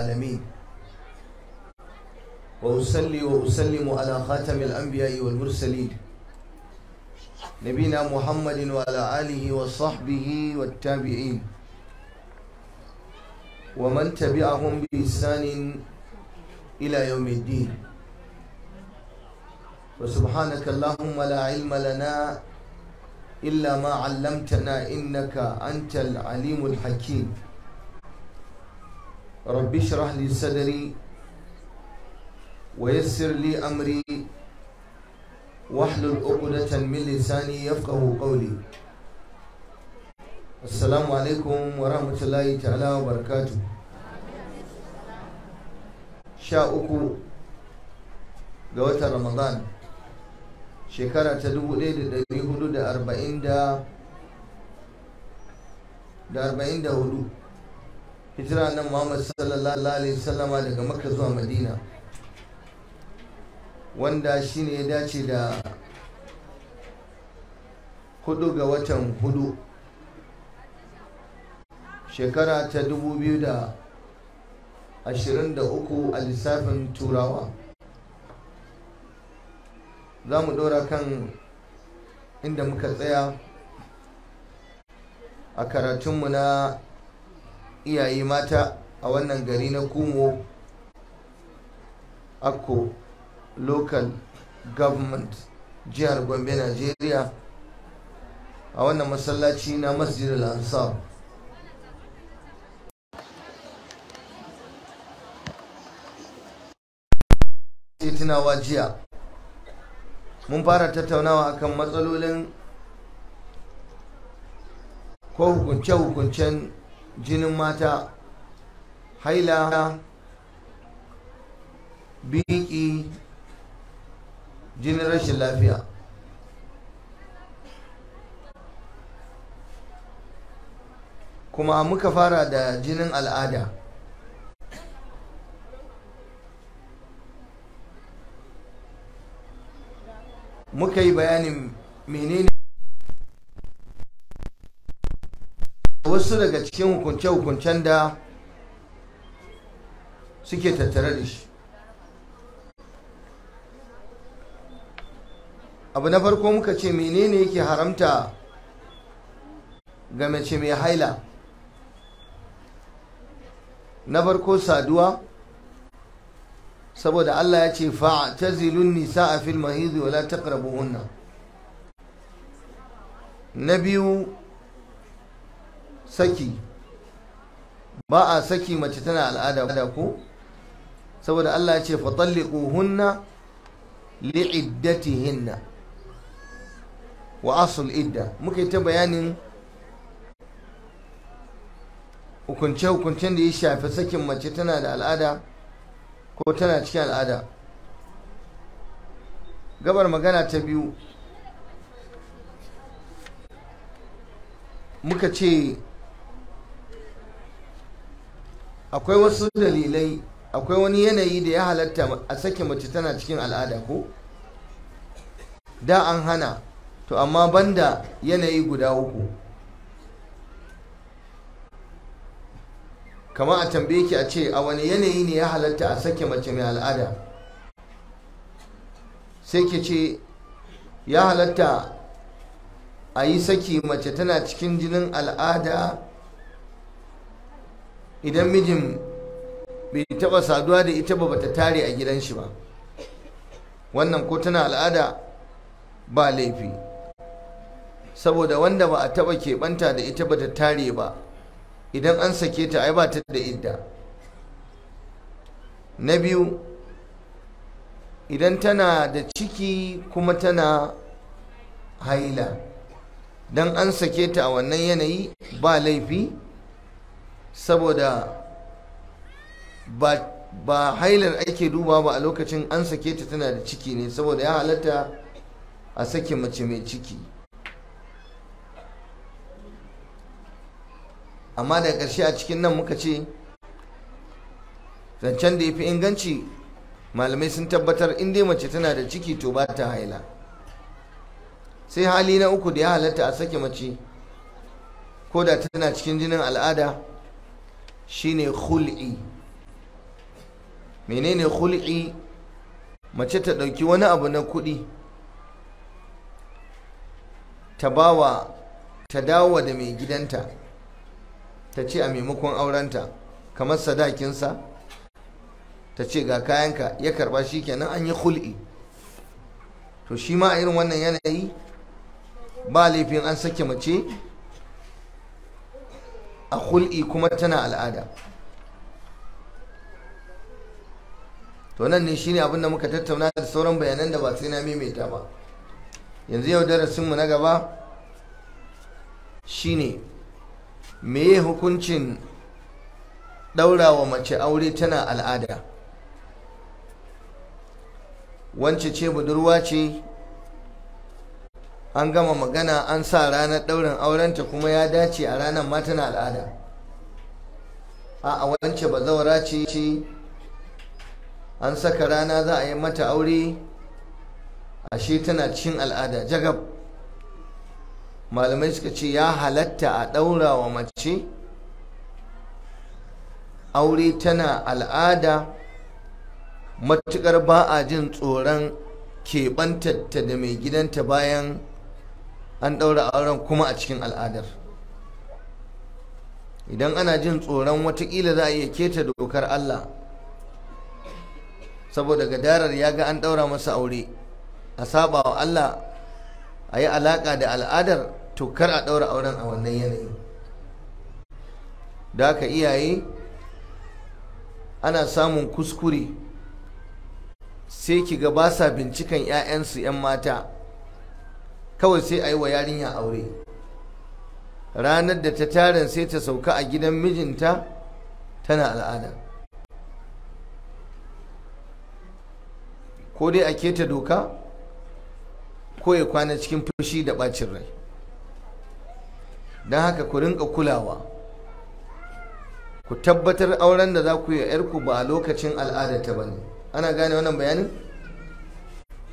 العالمين وأصلي وأسلم على خاتم الأنبياء والمرسلين نبينا محمد وعلى آله وصحبه والتابعين ومن تبعهم بإحسان إلى يوم الدين وسبحانك اللهم لا علم لنا إلا ما علمتنا إنك أنت العليم الحكيم رب اشرح لي صدري ويسر لي أمري واحلل عقدة من لساني يفقه قولي السلام عليكم ورحمة الله تعالى وبركاته sha uku ga watan ramadan shekara ta dubu ɗaya da ɗari hudu da arba'in da arba'in da hudu hijira nan Muhammad sallallahu alaihi wasallama daga Makka zuwa Madina wanda shine ya dace da hudu ga watan hudu shekara ta 2023 a lissafin turawa za mu dora kan inda muka tsaya a karatunmu na iyaye mata a wannan gari na kumo akko local government jihar gombe nigeria a wannan masallaci na masjid al-ansar tunawa jiya mun fara tattaunawa kan matsalolin ko hukunce-hukuncen jinin mata haila biki jinin rashin lafiya kuma muka fara da jinin al'ada muka yi bayanin menene wasu daga cikin hukunce-hukuncen da suke tattare da shi abu na farko muka ce menene yake haramta ga mace mai haila na farko saduwa saboda Allah ya ce fa ta zilun nisa a filmahizu wala ta taqrabuhunna na biyu saki ba a saki mace tana al'ada ko saboda Allah ya ce fatalliquhunna li'iddatihinna wa asul idda muka yi ta bayanin hukunce-hukuncen da ya shafi sakin mace tana da al'ada ko tana cikin al'ada gabar magana ta biyu muka ce akwai wasu dalilai akwai wani yanayi da ya halatta a sake mace tana cikin al'ada ko da an hana to amma banda yanayi guda uku kama a tambaye ki a ce a wani yanayi ne ya halatta a sake mace mai al'ada sai ke ce ya halatta a yi saki mace tana cikin jinin al'ada idan mijin bai taba saduwa da ita ba bata tare a gidan shi ba wannan ko tana al'ada ba laifi saboda wanda ba a taba keɓanta da ita bata tare ba idan an sake ta ai ba ta da idda na biyu idan tana da ciki kuma tana haila don an sake ta a wannan yanayi ba laifi saboda ba hailar ake duba ba a lokacin an sake ta tana da ciki ne saboda ya halatta a sake mace mai ciki amma da ƙarshe a cikin nan muka ce zancen da ya fi inganci malamai sun tabbatar in dai mace tana da ciki to ba ta haila sai hali na uku da ya halatta a sake mace ko da tana cikin jinin al'ada shine khul'i menene khul'i mace ta ɗauki wani abu na kuɗi ta bawa ta dawo da mai gidanta ta ce a maimakon aurenta kamar sadakinsa ta ce ga kayanka ya karba shi kenan an yi khul'i to shi ma a irin wannan yanayi ba laifin an sake mace a hul'i kuma tana al'ada to nan ne shine abin da muka tattauna da sauran bayanan da ba sai na maimaita ba yanzu yau darasinmu na gaba shine meye hukuncin ɗaurawa mace aure tana al'ada wance ce budurwa ce an gama magana an sa ranar ɗaurin aurenta kuma ya dace a ranar ma tana al'ada a wance zaura ce an saka rana za a yi mata aure ashe tana cikin al'ada jagab malamai suka ce ya halatta a ɗaura wa mace aure tana al'ada matuƙar ba a jin tsoron ta da mai gidanta bayan an ɗaura auren kuma a cikin al'adar idan ana jin tsoron watakila za a iya keta dokar Allah saboda gadarar ya ga an ɗaura masa aure a saba wa Allah a yi alaƙa da al'adar to a ɗaura auren a wannan yanayi da haka iyaye ana samun kuskure sai ki ga ba sa binciken 'ya'yansu 'yan mata kawai sai a yi wa yarinya aure ranar da ta tarin sai ta sauka a gidan mijinta tana al'ada ko dai a keta doka ko ya kwana cikin fushi da bacin rai don haka ku rinka kulawa ku tabbatar auren da za ku yi 'yarku ba a lokacin al'adarta ba ne ana gane wannan bayanin?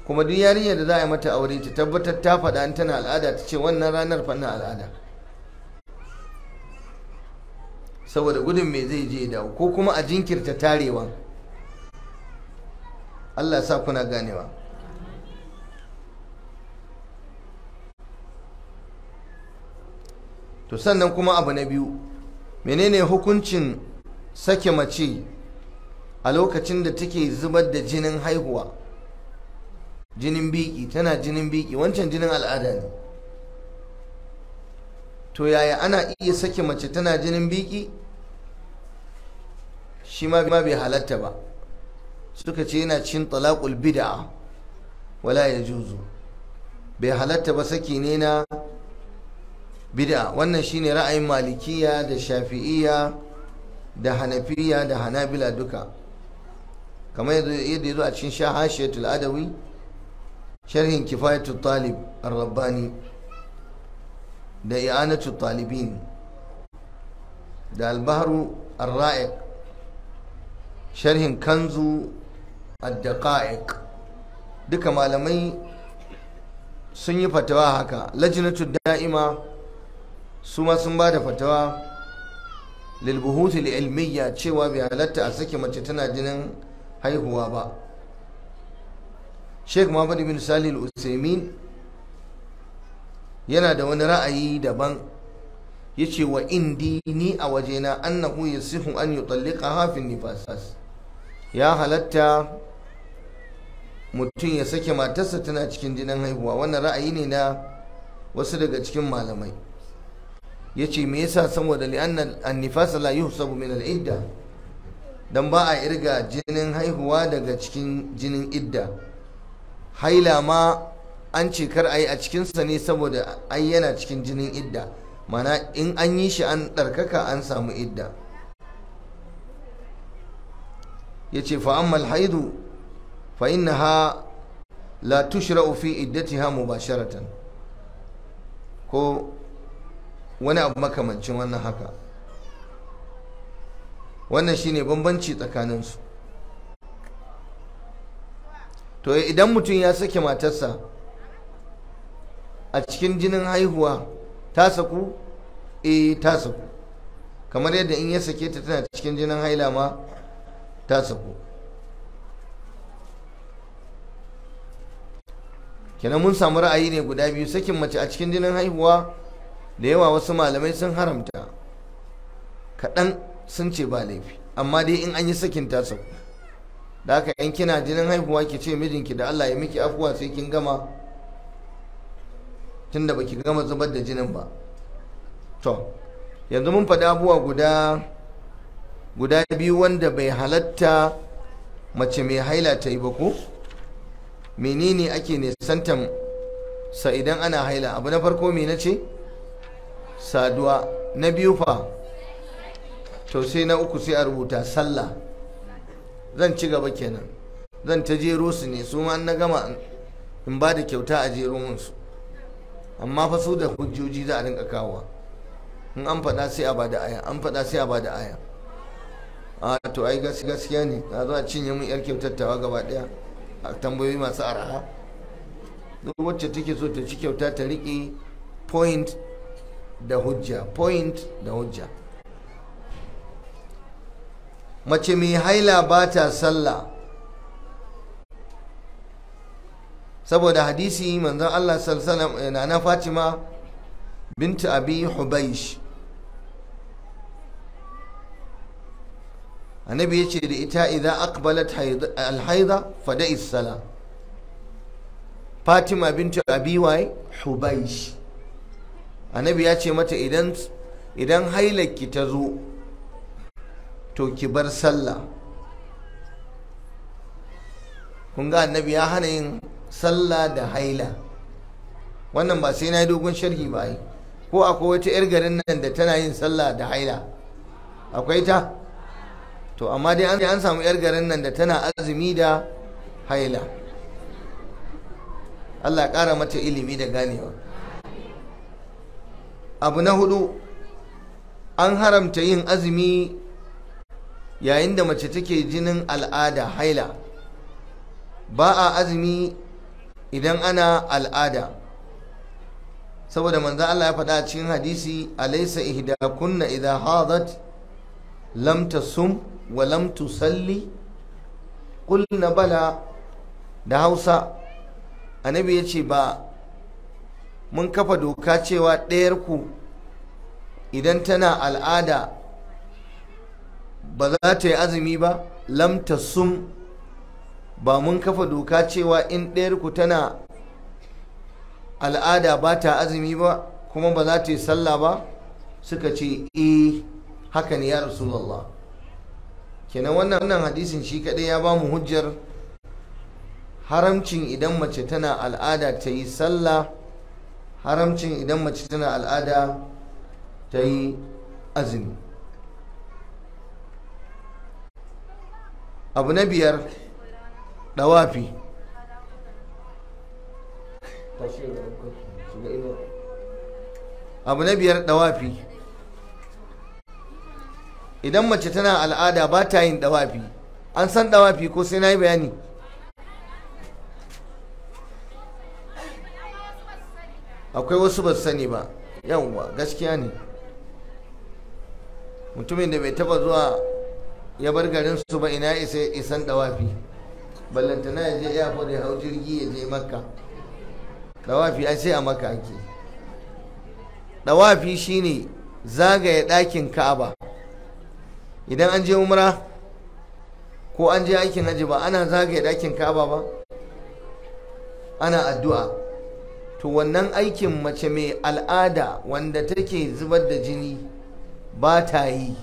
kuma duk yarinyar da za a yi mata aure ta tabbatar ta faɗa an tana al'ada ta ce wannan ranar fannin al'ada saboda gudun mai zai je dawo ko kuma a jinkirta tarewa Allah sa kuna ganewa to sannan kuma abu na biyu menene hukuncin sake mace a lokacin da take zubar da jinin haihuwa jinin biki tana jinin biki wancan jinin al'ada ne to yaya ana iya sake mace tana jinin biki shi ma bai halatta ba suka ce yana cin talakul bid'a wala ya yajuzu bai halatta ba saki ne na bid'a wannan shine ra'ayin malikiya da shafi'iya da hanafiya da hanabila duka kamar yadda ya zo a cikin shaha shayatul adawi sharhin kifayatu talib rabbani da i'anatu talibin da al-bahru raiq sharhin kanzu ad duka malamai sun yi fatawa haka lajnatu da'ima su ma sun ba da fatawa lilbuhutul ilmiya cewa bai halatta a sake mace tana jinin haihuwa ba sheikh muhammad bin salih usaimin yana da wani ra'ayi daban ya wa indini a wajena annahu yasihu an yutallika hafin Nifasas, ya halatta mutum ya sake matarsa tana cikin jinin haihuwa wannan ra'ayi ne na wasu daga cikin malamai ya ce me yasa saboda li'anna annifas la yuhsabu min al-idda dan ba a irga jinin haihuwa daga cikin jinin idda haila ma an ce kar a yi a cikinsa ne saboda ai yana cikin jinin idda mana in an yi shi an ɗarkaka an samu idda ya ce fa'ammal haidu fa'in ha la tushra'u fi ha mubasharatan ko wani abu makamancin wannan haka wannan shine bambanci tsakaninsu to idan mutum ya sake matarsa a cikin jinin haihuwa ta saku e ta saku kamar yadda in ya sake ta tana cikin jinin haila ma ta saku kenan mun samu ra'ayi ne guda biyu sakin mace a cikin jinin haihuwa da yawa wasu malamai sun haramta kaɗan sun ce ba laifi amma dai in an yi sakin ta saku da aka yan kina jinin haihuwa ki ce mijinki da Allah ya miki afuwa sai kin gama tunda baki gama zubar da jinin ba to yanzu mun faɗi abuwa guda guda biyu wanda bai halatta mace mai haila ta yi ba ko menene ake ne santan sa idan ana haila abu na farko me nace saduwa na biyu fa to sai na uku sai a rubuta sallah zan ci gaba kenan zan ta jero su ne su ma na gama in ba da kyauta a jero su amma fa su da hujjoji za a rinka kawowa in an faɗa sai a bada aya an faɗa sai a bada aya a to ai gaskiya ne a za a cinye mun yar kyautattawa gaba ɗaya a tambayoyi masu araha duk wacce take so ta ci kyauta ta riƙe point da hujja point da hujja mace mai haila ba ta sallah saboda hadisi manzon Allah sallallahu eh, na Fatima binta Abi Hubaysh annabi ya ce da ita idan aqbalat alhaida fada'i sala Fatima binta Abi Wai Hubaysh annabi ya ce mata idan idan ki ta zo to ki bar sallah kun ga annabi ya hana yin sallah da haila wannan ba sai na yi dogon sharhi ba yi ko akwai wata 'yar garin nan da tana yin sallah da haila akwai ta to amma dai an samu 'yar garin nan da tana azumi da haila Allah ya ƙara mata ilimi da ganewa abu na hudu an haramta yin azumi yayin da mace take jinin al'ada haila ba a azumi idan ana al'ada saboda manzo Allah ya faɗa cikin hadisi alaysa ihdakunna idha hadat lam tasum wa lam tusalli qulna bala da Hausa annabi ya ce ba mun kafa doka cewa ɗayar ku idan tana al'ada ba za ta yi azumi ba Lamta sun ba mun kafa doka cewa in ɗayar ku tana al'ada ba ta azumi ba kuma ba za ta yi sallah ba suka ce eh haka ne ya rasulallah. kenan wannan wannan hadisin shi kaɗai ya ba mu hujjar haramcin idan mace tana al'ada ta yi sallah haramcin idan mace tana al'ada ta yi azumi abu na biyar dawafi abu na biyar dawafi idan mace tana al'ada ba ta yin dawafi an san dawafi ko sai na yi bayani akwai wasu ba sani ba yawwa gaskiya ne mutumin da bai taba zuwa ya bar garin su ba ina isa isan dawafi ballantana ya je ya ya hau jirgi ya je makka dawafi ai sai a makka ake dawafi shine zagaye ɗakin ka'aba idan an je umra ko an je aikin haji ba ana zagaye ɗakin ka'aba ba ana addu'a to wannan aikin mace mai al'ada wanda take zubar da jini ba ta yi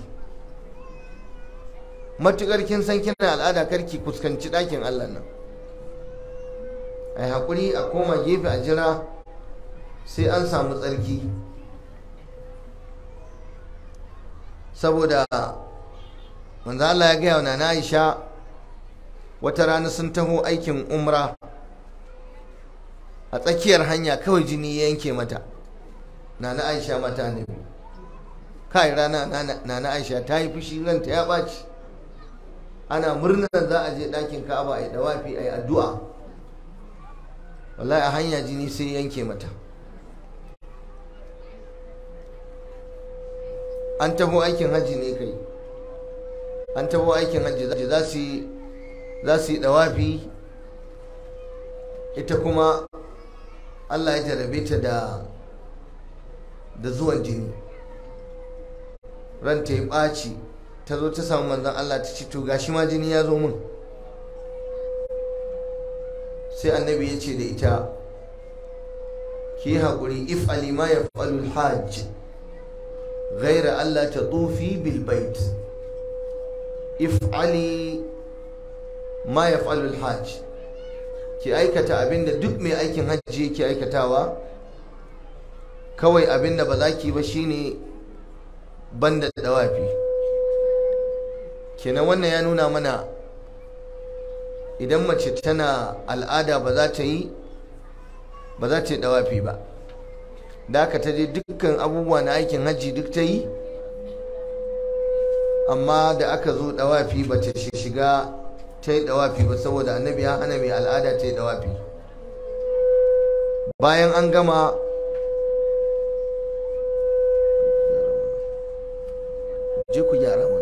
matukar kin san kina al'ada kar ki kuskanci ɗakin Allah nan ai hakuri a koma gefe a jira sai an samu tsarki saboda manzo Allah ya gaya wa nana Aisha wata rana sun taho aikin umra a tsakiyar hanya kawai jini ya yanke mata nana Aisha mata ne kai rana nana Aisha ta yi fushi ranta ya ɓaci ana murnar za a je ɗakin ka'aba a yi dawafi a yi addu'a wallahi a hanya jini sai yanke mata an taho aikin hajji ne kai an taho aikin hajji za su yi dawafi ita kuma allah ya jarabe ta da zuwan jini Ranta ya ɓaci ta zo ta samu manzon Allah ta ce to gashi ma jini ya zo min sai annabi ya ce da ita ki haƙuri if alima ya falul hajj ghaira Allah ta tufi bil if ali ma ya falul hajj ki aikata abinda duk mai aikin hajji yake aikatawa kawai abinda ba za ki ba shine banda dawafi kenan wannan ya nuna mana idan mace tana al'ada ba za ta yi ba za ta yi dawafi ba da aka ta je dukkan abubuwa na aikin hajji duk ta yi amma da aka zo dawafi ba ta shiga ta yi dawafi ba saboda annabi ya hana mai al'ada ta yi dawafi bayan an gama je ku gyara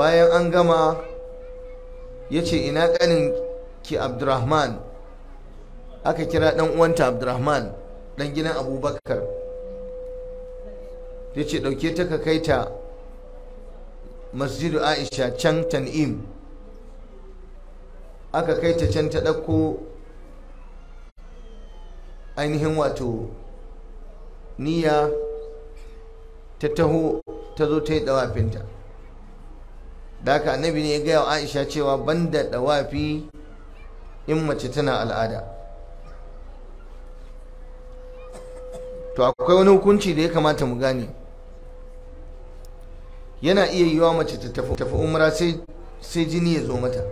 bayan an gama ya ce ina kanin ki abdurrahman aka kira ɗan uwanta abdurrahman ɗan gidan abubakar ya ce ɗauke ta ka kai ta masjidu aisha can tan'im aka kai ta can ta ɗauko ainihin wato niyya ta taho ta zo ta yi ɗawafinta da haka annabi ne ya gaya wa aisha cewa banda dawafi in mace tana al'ada to akwai wani hukunci da ya kamata mu gane yana iya wa mace ta tafi umra sai jini ya zo mata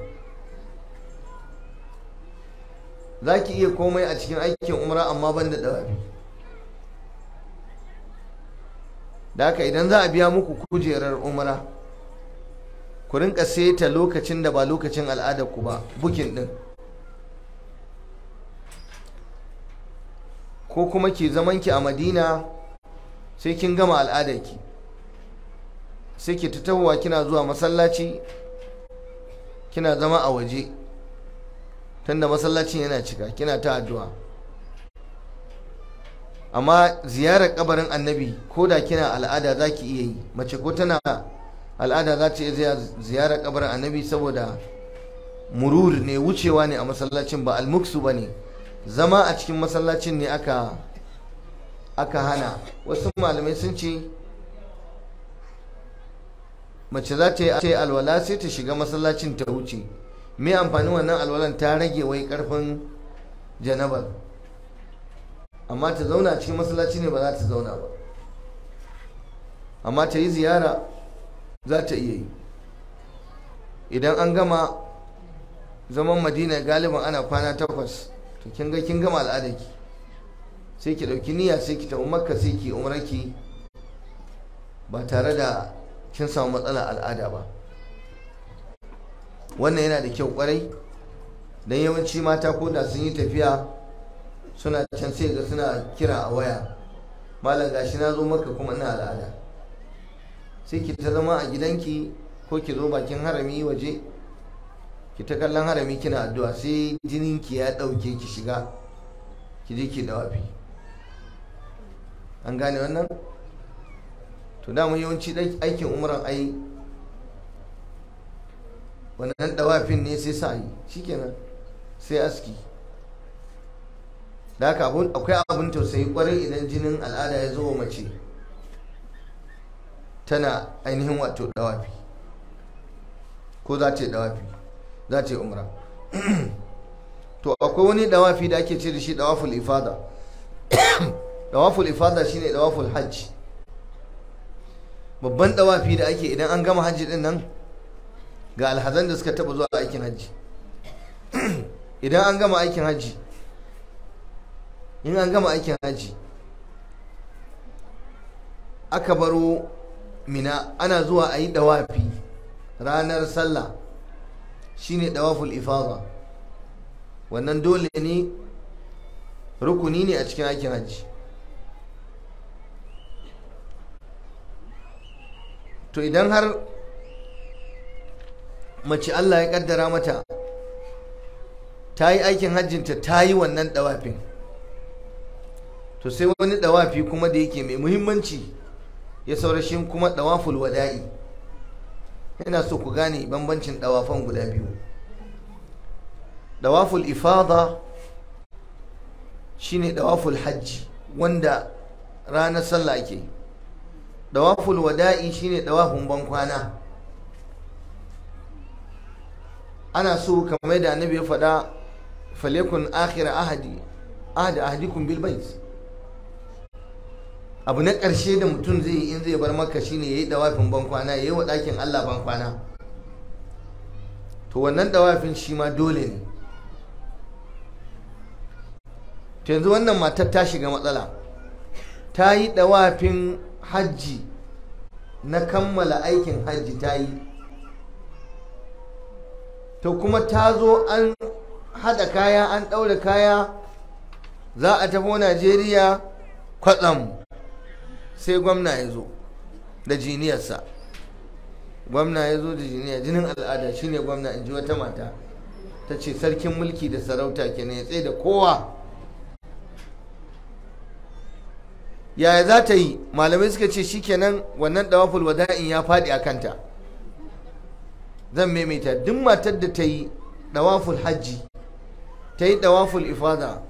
za ki iya komai a cikin aikin umra amma banda dawafi da haka idan za a biya muku kujerar umra ku rinka seta lokacin da ba lokacin al'adar ku ba bukin din ko kuma ke zaman ki a madina sai kin gama al'adar ki sai ki ta tahowa kina zuwa masallaci kina zama a waje tunda masallacin yana cika kina ta addu'a amma ziyarar kabarin annabi ko da kina al'ada za ki iya yi mace ko tana al'ada za ta iya ziyara kabar annabi saboda murur ne wucewa ne a masallacin ba almuksu ba ne zama a cikin masallacin ne aka aka hana wasu malamai sun ce mace za ta yi alwala sai ta shiga masallacin ta wuce me amfani wannan alwalan ta rage wai karfin janabar amma ta zauna a cikin masallaci ne ba za ta zauna ba amma ta yi ziyara za ta iya yi idan an gama zaman madina galiban ana kwana takwas to kin ga kin gama al'adarki sai ki ɗauki niyya sai ki tafi makka sai ki umarki ba tare da kin samu matsala al'ada ba wannan yana da kyau kwarai don yawanci mata ko da sun yi tafiya suna can sai ga suna kira a waya malam gashi na zo maka kuma ina al'ada sai ki ta zama a gidanki ko ki zo bakin harami waje ki ta kallon harami kina addu'a sai jininki ya ɗauke ki shiga ki je ki dawafi an gane wannan to da yawanci aikin umran ai wannan dawafin ne sai sa yi shikenan sai aski da haka akwai abin tausayi kwarai idan jinin al'ada ya zo mace tana ainihin wato dawafi ko za ta yi dawafi za ta umra to akwai wani dawafi da ake ce da shi dawaful ifada dawaful ifada shine dawaful hajji babban dawafi da ake idan an gama hajji din nan ga alhazan da suka taba zuwa aikin hajji idan an gama aikin hajji in an gama aikin hajji aka baro mina ana zuwa a yi dawafi ranar sallah shine dawaful ifaza wannan dole ne rukuni ne a cikin aikin hajji to idan har mace Allah ya kaddara mata ta yi aikin hajjinta ta yi wannan dawafin to sai wani dawafi kuma da yake mai muhimmanci ya saurashin kuma dawaful wada'i ina so ku gane bambancin dawafan guda biyu dawaful ifada shine dawaful hajji wanda ranar sallah ake dawaful wada'i shine dawafin bankwana ana so kamar da annabi ya faɗa falekun akhira ahadi ahadi ahadikum bil bait abu na ƙarshe da mutum zai yi in zai bar maka ya yayi dawafin bankwana yi wa ɗakin Allah bankwana to wannan dawafin shi ma dole ne to yanzu wannan matar ta shiga matsala ta yi dawafin hajji na kammala aikin hajji ta yi to kuma ta zo an haɗa kaya an ɗaura kaya za a tafi najeriya kwatsam sai gwamna ya zo da jiniyarsa gwamna ya zo da jiniya jinin al'ada shine gwamna in ji wata mata ta ce sarkin mulki da sarauta kenan ya tsaye da kowa yaya za ta yi malamai suka ce shi kenan wannan dawaful wada'in ya faɗi a kanta zan maimaita duk matar da ta yi dawaful hajji ta yi dawaful ifada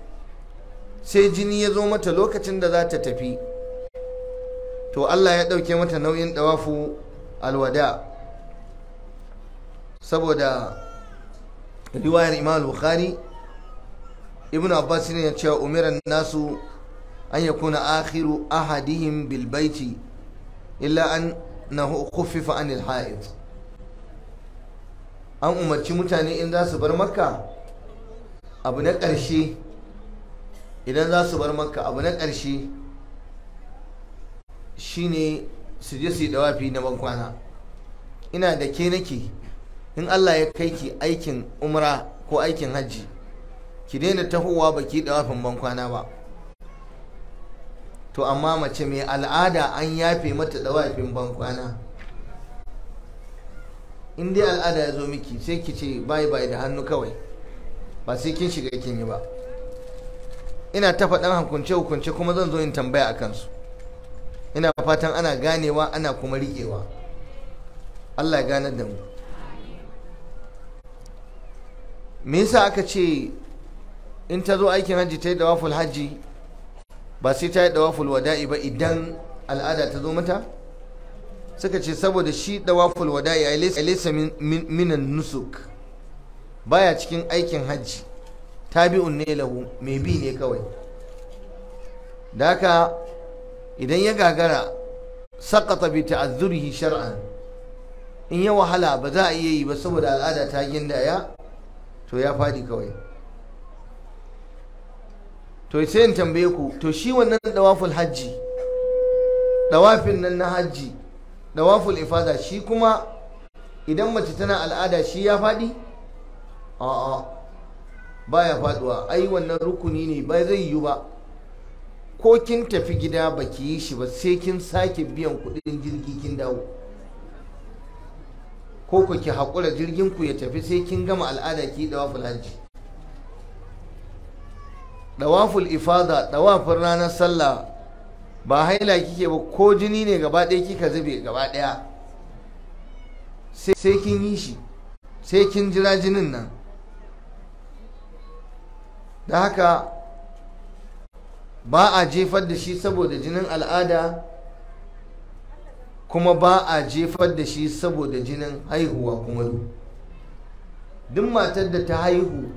sai jini ya zo mata lokacin da za ta tafi to Allah ya ɗauke mata nauyin ɗawafu alwada saboda riwayar imam bukhari ibn abbas ne ya ce umiran nasu an ya kuna akhiru ahadihim bil baiti illa an na khuffifa anil an umarci mutane in za su bar makka abu na ƙarshe idan za su bar makka abu na ƙarshe shine su je su yi dawafi na bankwana ina da ke nake in Allah ya kai ki aikin umra ko aikin hajji ki daina tahowa ba ki dawafin bankwana ba to amma mace mai al'ada an yafe mata dawafin bankwana in dai al'ada ya zo miki sai ki ce bai bai da hannu kawai ba sai kin shiga kin yi ba ina ta faɗan hukunce hukunce kuma zan zo in tambaya a kansu ina fatan ana ganewa ana kuma riƙewa allah ganar da mu me yasa aka ce in ta zo aikin hajji ta yi dawaful hajji ba sai ta yi dawaful wada'i ba idan al'ada ta zo mata suka ce saboda shi dawaful wada'i a laisa minan nusuk baya cikin aikin hajji tabi'un ne lahu mai bi ne kawai da haka idan ya gagara sakata bi ta'azzurihi shar'an in ya wahala ba za a iya yi ba saboda al'ada ta gindaya to ya fadi kawai to sai in tambaye ku to shi wannan dawaful hajji dawafin nan na hajji dawaful ifada shi kuma idan mace tana al'ada shi ya fadi a'a Ba baya faduwa ai wannan rukuni ne ba zai yiwu ba ko kin tafi gida ba ki yi shi ba sai kin sake biyan kuɗin jirgi kin dawo ko ku ki haƙura jirgin ku ya tafi sai kin gama al'ada ki dawaful hajji dawaful ifada dawafin ranar sallah ba haila kike ba ko jini ne gaba ɗaya kika zube gaba ɗaya sai kin yi shi sai kin jira jinin nan da haka ba a jefar da shi saboda jinin al'ada kuma ba a jefar da shi saboda jinin haihuwa kuma duk matar da ta haihu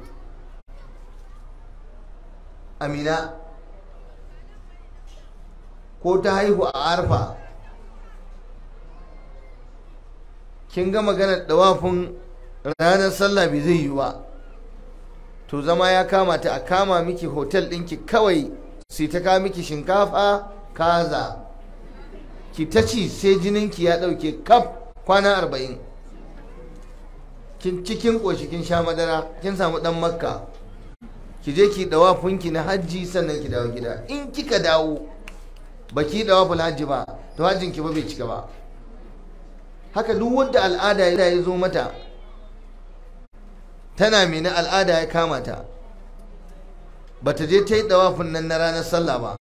amina ko ta haihu a arfa kin ga maganar dawafin ranar sallah bai zai yi ba to zama ya kama ta a kama miki hotel ɗinki kawai sai ta ka miki shinkafa kaza ki ta ci sai jininki ya ɗauke kaf kwana arba'in cikin ƙoshi kin sha madara kin samu ɗan makka ki je ki ɗawafinki na hajji sannan ki dawo gida in kika dawo ba ki ɗawafin hajji ba to hajjin ki ba bai cika ba haka duk wanda al'ada ya zo mata tana mene al'ada ya kama ta bata je ta yi dawafin nan na ranar sallah ba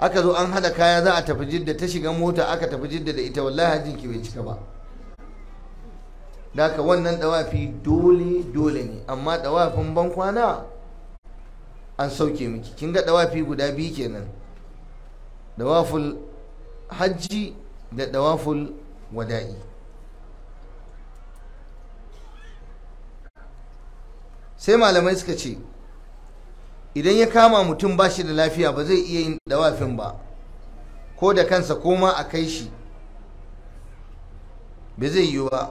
aka zo an hada kaya za a tafi jidda ta shiga mota aka tafi jidda da ita wallahi hajjin ki bai cika ba Daka wannan dawafi dole dole ne amma dawafin ban kwana an sauke miki kin ga dawafi guda biyu kenan dawaful hajji da dawaful wada'i sai malamai suka ce idan ya kama mutum ba shi da lafiya ba zai iya yin dawafin ba ko da kansa koma a kai shi ba zai yi ba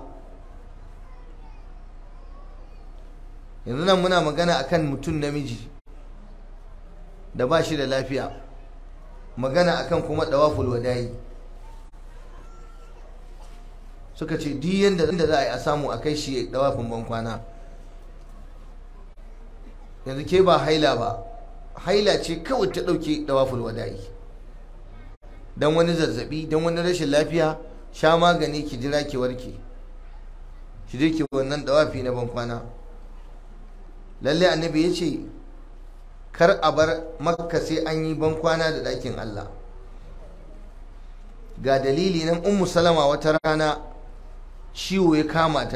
yanzu nan muna magana a kan mutum namiji da ba shi da lafiya magana a kan kuma dawaful wadayi suka ce duk yadda za a yi a samu a kai shi dawafin bankwana yanzu ke ba haila ba haila ce kawai ta ɗauke dawaful wada'i don wani zazzabi don wani rashin lafiya sha magani ki jira ki warke ki je ki wannan ɗawafi na bankwana lalle annabi ya ce kar a bar makka sai an yi bankwana da ɗakin allah ga dalili nan ummu salama wata rana ciwo ya kama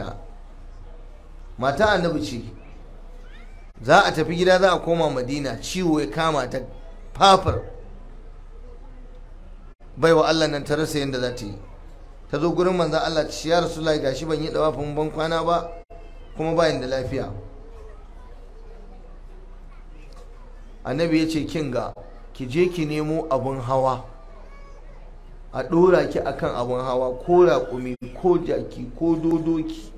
mata annabi ce za a tafi gida za a koma madina ciwo ya kama ta fafar Bai wa Allah nan ta rasa yadda za ta yi ta zo gurin manzan Allah ci ya rasu lai gashi ban yi dawafin ban kwana ba kuma bayan da lafiya annabi ya ce kin ga ki je ki nemo abun hawa a ɗora ki akan abun hawa ko raƙumi ko jaki ko dodoki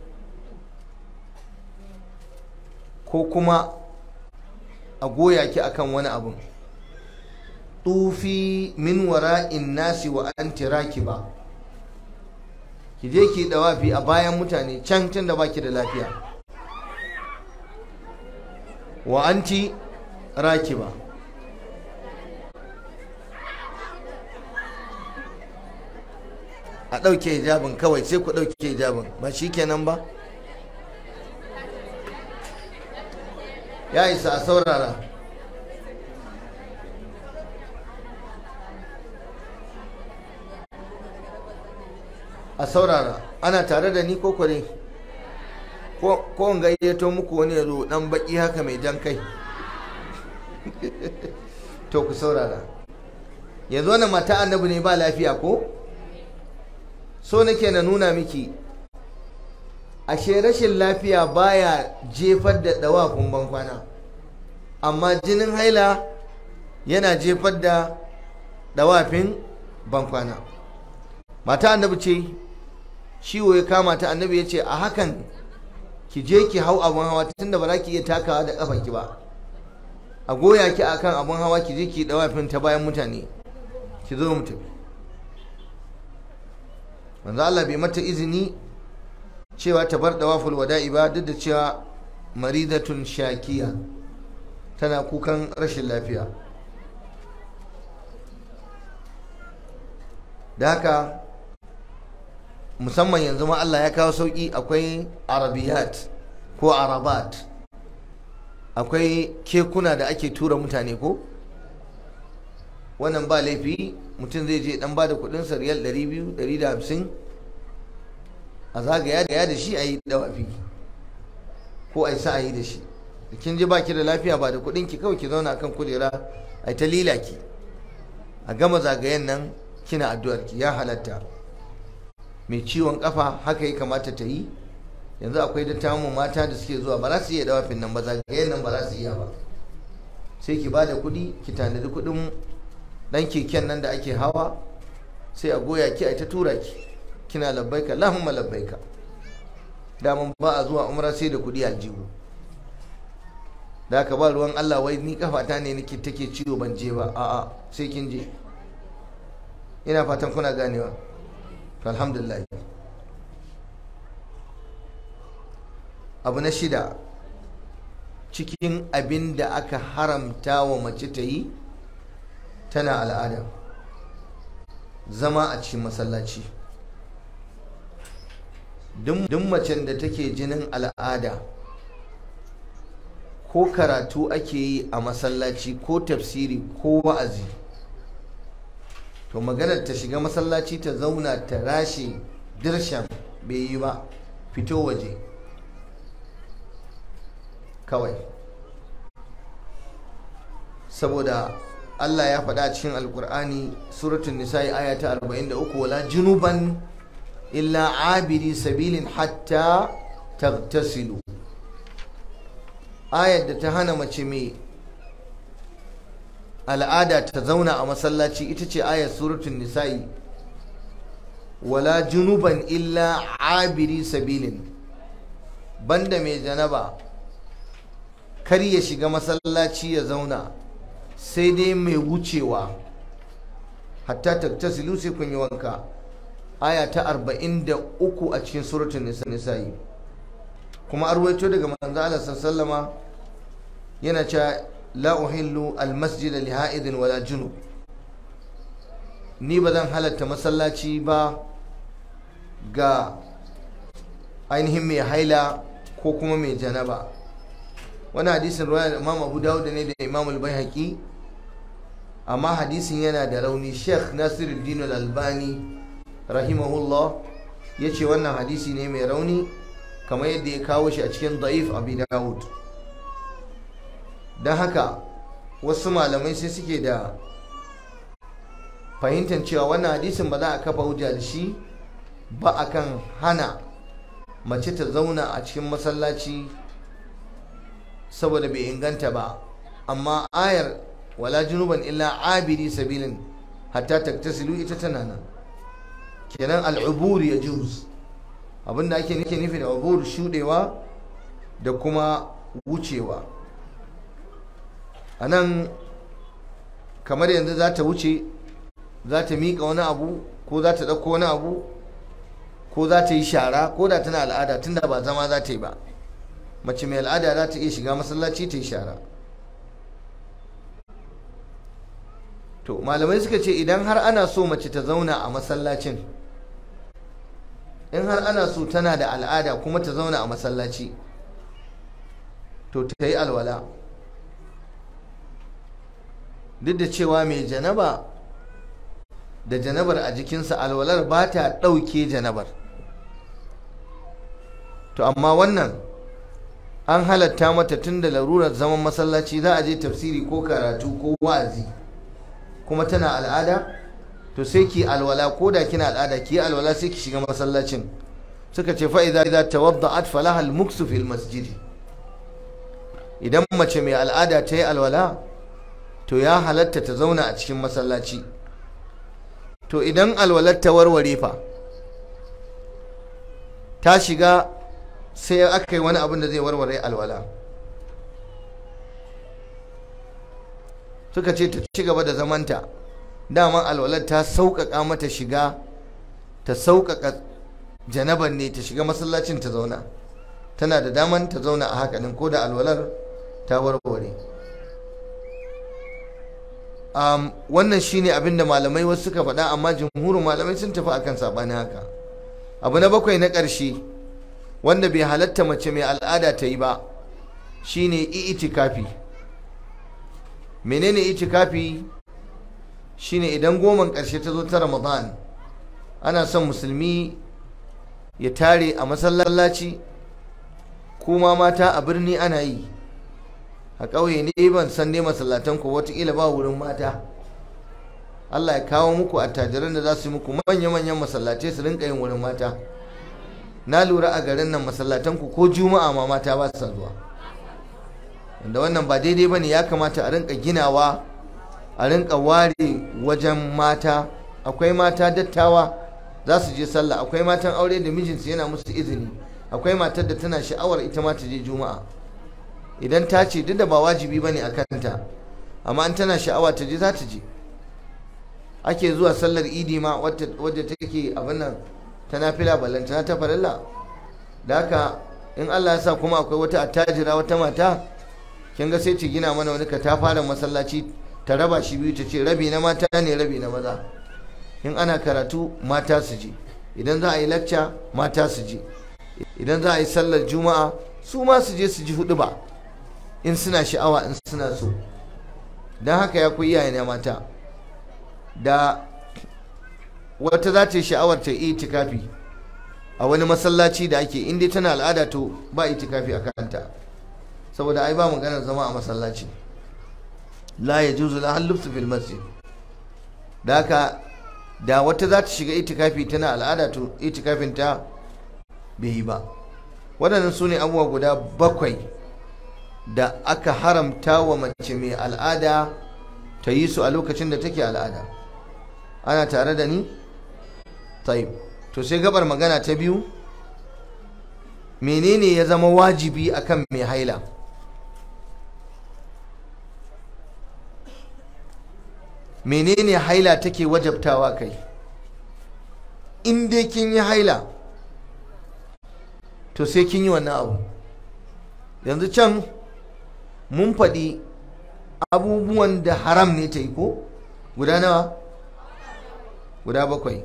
ko kuma a goya ki akan wani abun tufi min wara'in nasi wa anti ba. ki je ki dawafi a bayan mutane can can da baki da lafiya wa ki ba. a ɗauke hijabin kawai sai ku ɗauke hijabin ba shi kenan ba ya isa a saurara a saurara ana tare da ni ko kware ko gayyato muku wani yazo dan baki haka mai jan kai to ku saurara zo na mata annabi ne ba lafiya ko so nake na nuna miki ashe rashin lafiya baya jefar da dawa kumban kwana amma jinin haila yana jefar da dawafin bankwana mata annabi ce shiwo ya kama ta annabi ya ce a hakan ki je ki hau abun hawa tunda ba za ki iya takawa da kafanki ba a goya ki akan abun hawa ki je ki dawafin ta bayan mutane ki zo mu tafi manzo Allah bai mata izini cewa ta bar dawaful wada'i ba duk da cewa maridatun shakiya tana kukan rashin lafiya da haka musamman yanzu ma Allah ya kawo sauki akwai arabiyat ko arabat akwai kekuna da ake tura mutane ko wannan ba laifi mutum zai je dan ba da kudin riyal 200 250 a zagaya da da shi a yi dawafi ko a yi da shi kin ji baki da lafiya ba da kuɗin ki kawai ki zauna kan kujera a yi ta lila ki a gama zagayen nan kina addu'ar ki ya halatta mai ciwon kafa haka ya kamata ta yi yanzu akwai dattamu mata da suke zuwa ba za su iya dawafin nan ba zagayen nan ba za su iya ba sai ki ba da kuɗi ki tanadi kuɗin ɗan keken nan da ake hawa sai a goya ki a ta tura ki kina labbaika Allahumma labbaika daman ba a zuwa umra sai da kuɗi aljihu da aka ba ruwan Allah wai ni kafata ne nake take ciwo ban je ba a'a sai kin je ina fatan kuna ganewa to alhamdulillah abu na shida cikin abin da aka haramta wa mace ta yi tana al'ada zama a cikin masallaci duk macen da take jinin al'ada ko karatu ake yi a masallaci ko tafsiri ko wa'azi to maganar ta shiga masallaci ta zauna ta rashe dirshan bai yi ba fito waje kawai saboda Allah ya faɗa cikin alkur'ani suratun nisa'i ayata 43 wala junuban illa abiri sabilin hatta tagtasilu ayar da ta hana mace mai al'ada ta zauna a masallaci ita ce ayar suratun nisa'i wala junuban illa abiri sabilin banda mai janaba kar ya shiga masallaci ya zauna sai dai mai wucewa hatta taktasilu sai kun yi wanka aya ta arba'in da uku a cikin nisa nisa'i kuma arwaito daga manzo Allah sallama yana cewa la uhillu al masjida li ha'idin wala junub ni ba zan halatta masallaci ba ga ainihin mai haila ko kuma mai janaba wani hadisin ruwa imam abu dawud ne da imam al-baihaqi amma hadisin yana da rauni sheikh nasiruddin al-albani rahimahullah ya ce wannan hadisi ne mai rauni kamar yadda ya kawo shi a cikin da'if abu dawud don haka wasu malamai sai suke da fahimtar cewa wannan hadisin ba za a kafa hujja da shi ba a kan hana mace ta zauna a cikin masallaci saboda bai inganta ba amma ayar wala junuban illa abiri sabilin hatta taktasilu ita tana nan kenan al'ubur ya juz abinda ake nake nufi da ubur shudewa da kuma wucewa a nan kamar yanzu za ta wuce za ta miƙa wani abu ko za ta ɗauko wani abu ko za ta yi shara ko da tana al'ada tunda ba zama za ta yi ba mace mai al'ada za ta iya shiga masallaci ta yi shara to malamai suka ce idan har ana so mace ta zauna a masallacin in har ana so tana da al'ada kuma ta zauna a masallaci to ta yi alwala duk da cewa mai janaba da janabar a jikinsa alwalar ba ta ɗauke janabar to amma wannan an halatta mata tun da larurar zaman masallaci za a je tafsiri ko karatu ko wa'azi kuma tana al'ada to sai ki alwala ko da kina al'ada ki alwala sai ki shiga masallacin suka ce fa idza idza tawadda'at falaha al-muksu fil masjid idan mace mai al'ada ta yi alwala to ya halatta ta zauna a cikin masallaci to idan alwalar ta warware fa ta shiga sai aka yi wani abin da zai warware alwala suka ce ta ci gaba da zamanta daman alwalar ta sauƙaƙa mata shiga ta sauƙaƙa janaban ne ta shiga masallacin ta zauna tana da daman ta zauna a hakanin ko da alwalar ta warware um, wannan shine abin da malamai wasu suka faɗa amma jumhurin malamai sun tafi akan saɓanin haka abu na bakwai na ƙarshe wanda bai halatta mace mai al'ada ta yi ba shine itikafi menene itikafi shine idan goman ƙarshe ta zo ta ramadan ana son musulmi ya tare a masallaci kuma mata a birni ana yi a ƙauye ne ban san ne masallatan ku wataƙila ba wurin mata Allah ya kawo muku attajiran da za su yi muku manya-manyan masallatai su rinka yin wurin mata na lura a garin nan masallatan ku ko juma'a ma mata ba su zuwa wanda wannan ba daidai ba ne ya kamata a rinka ginawa a rinka ware wajen mata akwai mata dattawa za su je sallah akwai matan aure da mijinsu yana musu izini akwai matar da tana sha'awar ita ma ta je juma'a idan ta ce duk da ba wajibi bane a kanta amma an tana sha'awa ta je za ta je ake zuwa sallar idi ma wadda take abin nan ta na nafila ballantana ta farilla da haka in Allah ya sa kuma akwai wata attajira wata mata kin ga sai ci gina mana wani ka masallaci ta raba shi biyu ta ce rabi na mata ne rabi na maza in ana karatu mata su je idan za a yi lacca mata su je idan za a yi sallar juma'a su ma su je su ji hudu ba in suna sha'awa in suna so don haka ya kuyi yayin na mata da wata za ta yi sha'awar ta yi itikafi a wani masallaci da ake inda tana al'ada to ba itikafi a kanta saboda ai ba maganar zama a masallaci la ya juzu la hallubsu fil masjid da haka da wata za ta shiga itikafi tana al'ada to itikafin ta bai yi ba waɗannan su ne abubuwa guda bakwai da aka haramta wa mace mai al'ada ta yi su a lokacin da take al'ada ana tare da ni? taib to sai gabar magana ta biyu menene ya zama wajibi akan mai haila menene haila take wajabtawa kai in dai kin yi haila to sai kin yi wannan abu yanzu can mun faɗi abubuwan da haram ne ta yi ko guda nawa guda bakwai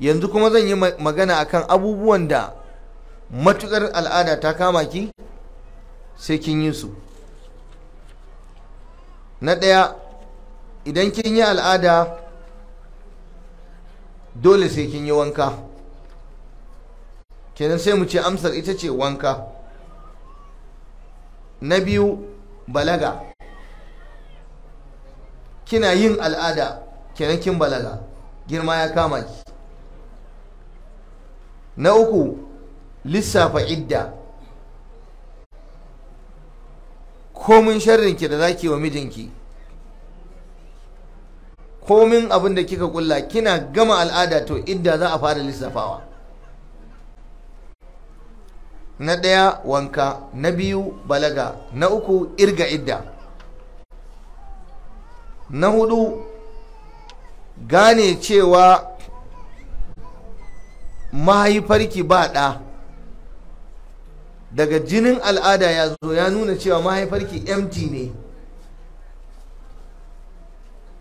yanzu kuma zan yi magana akan abubuwan da matukar al'ada ta kama ki sai kin yi su na ɗaya idan kin yi al'ada dole sai kin yi wanka kenan sai mu ce amsar ita ce wanka na biyu balaga kina yin al'ada kenan kin balaga girma ya kama ki na uku lissafa idda komin ki da zaki wa mijinki komin abin da kika kulla kina gama al'ada to idda za a fara lissafawa na ɗaya wanka na biyu balaga na uku irga idda na hudu gane cewa mahaifarki ba ɗa daga jinin al'ada ya zo ya nuna cewa mahaifarki empty ne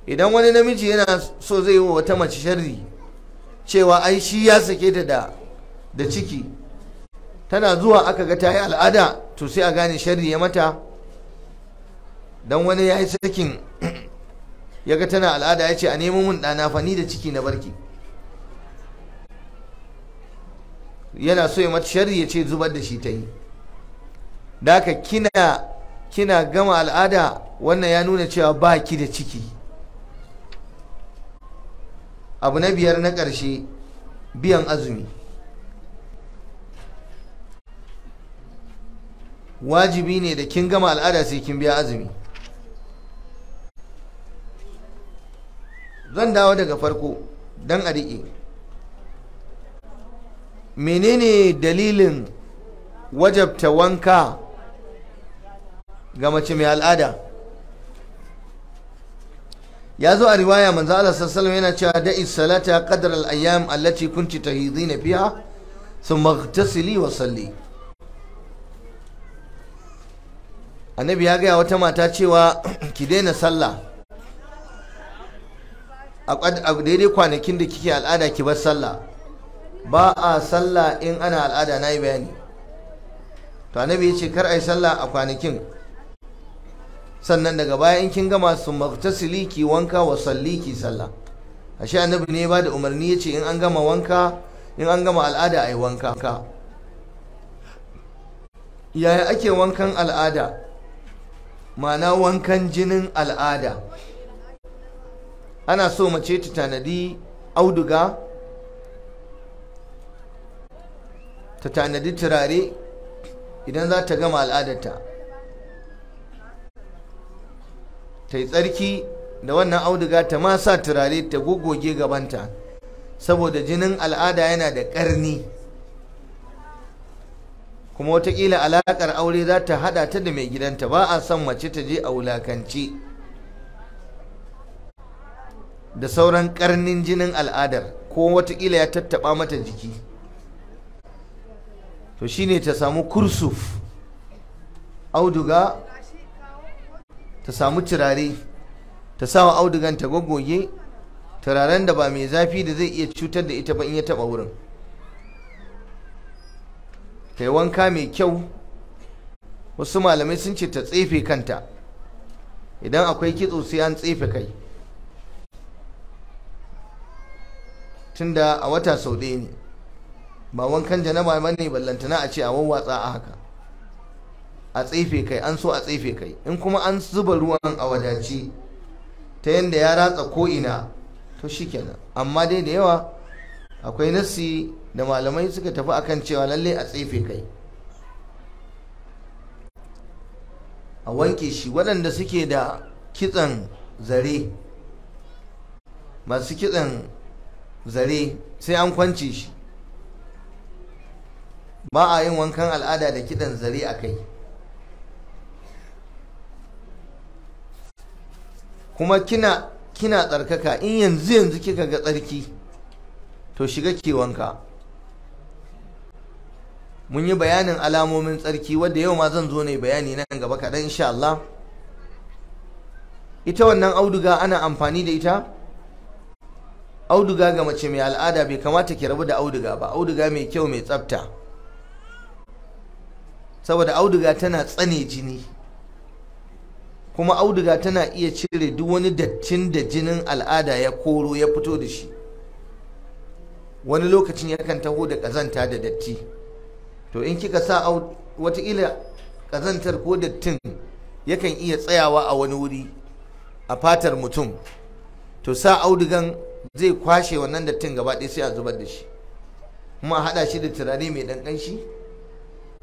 idan wani namiji yana so zai yi wa wata mace sharri cewa ai shi ya sake ta da ciki tana zuwa aka ga ta yi al'ada to sai a gane sharri ya mata don wani ya yi sakin ya ga tana al'ada ya ce a neman mun ɗana fani da ciki na barki yana so ya mata sharri ya ce zubar da shi ta yi da kina kina gama al'ada wannan ya nuna cewa ba ki da ciki abu na biyar na ƙarshe biyan azumi wajibi ne da kin gama al'ada sai kin biya azumi zan dawo daga farko don a riƙe menene dalilin wajabta wanka ga mace mai al'ada ya zo a riwaya manzo Allah sallallahu yana cewa da'i salata qadar al-ayyam allati kunti tahidina fiha thumma ightasili wa salli annabi ya gaya wata mata cewa ki daina sallah a daidai kwanakin da kike al'ada ki bar sallah ba a sallah in ana al'ada na yi bayani to annabi ya ce kar a yi sallah a kwanakin sannan daga baya in kin gama su magtasili ki wanka wa salli ki sallah ashe annabi ne ba da umarni ya ce in an gama wanka in an gama al'ada ai wanka yaya ake wankan al'ada ma'ana wankan jinin al'ada ana so mace ta tanadi auduga ta tanadi turare idan za ta gama al'adarta ta yi tsarki da wannan auduga ta ma sa turare ta gogoge gabanta saboda jinin al'ada yana da ƙarni kuma watakila alaƙar aure za ta haɗa ta da mai gidanta ba a son mace ta je a wulakanci da sauran ƙarnin jinin al'adar ko watakila ya tattaɓa mata jiki to shine ta samu kursuf auduga ta samu turare ta sawa audugan ta goggoge turaren da ba mai zafi da zai iya cutar da ita ba in ya taba wurin Kai wanka mai kyau wasu malamai sun ce ta tsefe kanta idan akwai kitso sai an tsefe kai tunda a wata sau ɗaya ne ba wankan janaba ba ne ballantana a ce a wawwatsa a haka a tsefe kai an so a tsefe kai in kuma an zuba ruwan a wadaci ta yadda ya ratsa ko'ina to shikenan amma dai da yawa akwai nassi da malamai suka tafi akan cewa lalle a tsefe kai a wanke shi waɗanda suke da kitsan zare masu kitsan zare sai an kwance shi ba a yin wankan al'ada da kitsan zare a kai kuma kina kina tsarkaka in yanzu yanzu kika ga tsarki to shiga ki wanka mun yi bayanin alamomin tsarki wadda yau ma zan zo ne bayani nan gaba kaɗan insha Allah ita wannan auduga ana amfani da ita auduga ga mace mai al'ada bai kamata ki rabu da auduga ba auduga mai kyau mai tsafta saboda auduga tana tsane jini kuma auduga tana iya cire duk wani dattin da jinin al'ada ya koro ya fito da shi wani lokacin yakan taho da ƙazanta da datti to in kika sa watakila ƙazantar ko dattin yakan iya tsayawa a wani wuri a fatar mutum to sa audugan zai kwashe wannan dattin gaba ɗaya sai a zubar da shi kuma a haɗa shi da turare mai ɗan ƙanshi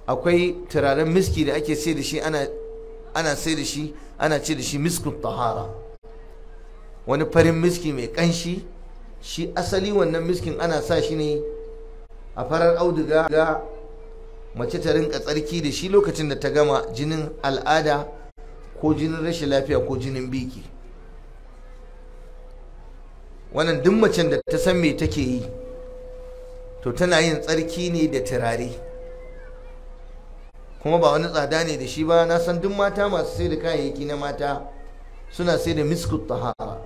akwai turaren miski da ake sai da shi ana sai da shi ana ce da shi miskut tahara wani farin miski mai kanshi shi asali wannan miskin ana sa shi ne a farar auduga ga mace ta rinka tsarki da shi lokacin da ta gama jinin al'ada ko jinin rashin lafiya ko jinin biki wannan duk macen da ta san me take yi to tana yin tsarki ne da turare kuma ba wani tsada ne da shi ba na san duk mata masu sai da kayayyaki na mata suna sai da miskut tahara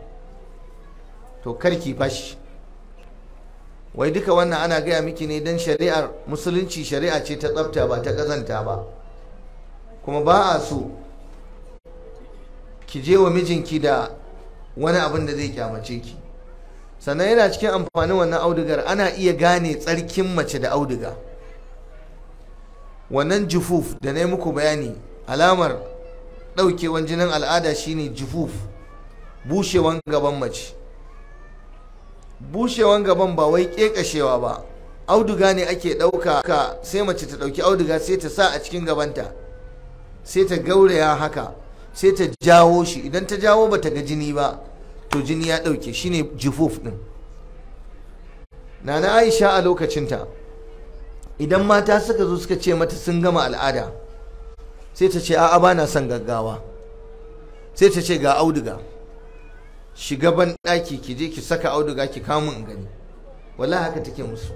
to karki fashi wai duka wannan ana gaya miki ne don shari'ar musulunci shari'a ce ta tsafta ba ta kazanta ba kuma ba a so ki je wa mijinki da wani abin da zai kyamace ki sannan yana cikin amfanin wannan audugar ana iya gane tsarkin mace da auduga wannan jufuf da na yi muku bayani alamar ɗaukewan jinin al'ada shine jufuf bushewan gaban mace bushewan gaban ba wai ƙeƙashewa ba auduga ne ake ɗauka sai mace ta ɗauki auduga sai ta sa a cikin gabanta sai ta gauraya haka sai ta jawo shi idan ta jawo ba ta ga jini ba to jini ya ɗauke shine jufuf ɗin Na na aisha a lokacinta idan mata suka zo suka ce mata sun gama al'ada sai ta ce a'a bana son gaggawa sai ta ce ga auduga shiga ban ɗaki ki je ki saka auduga ki kamun in gani Wala haka take musu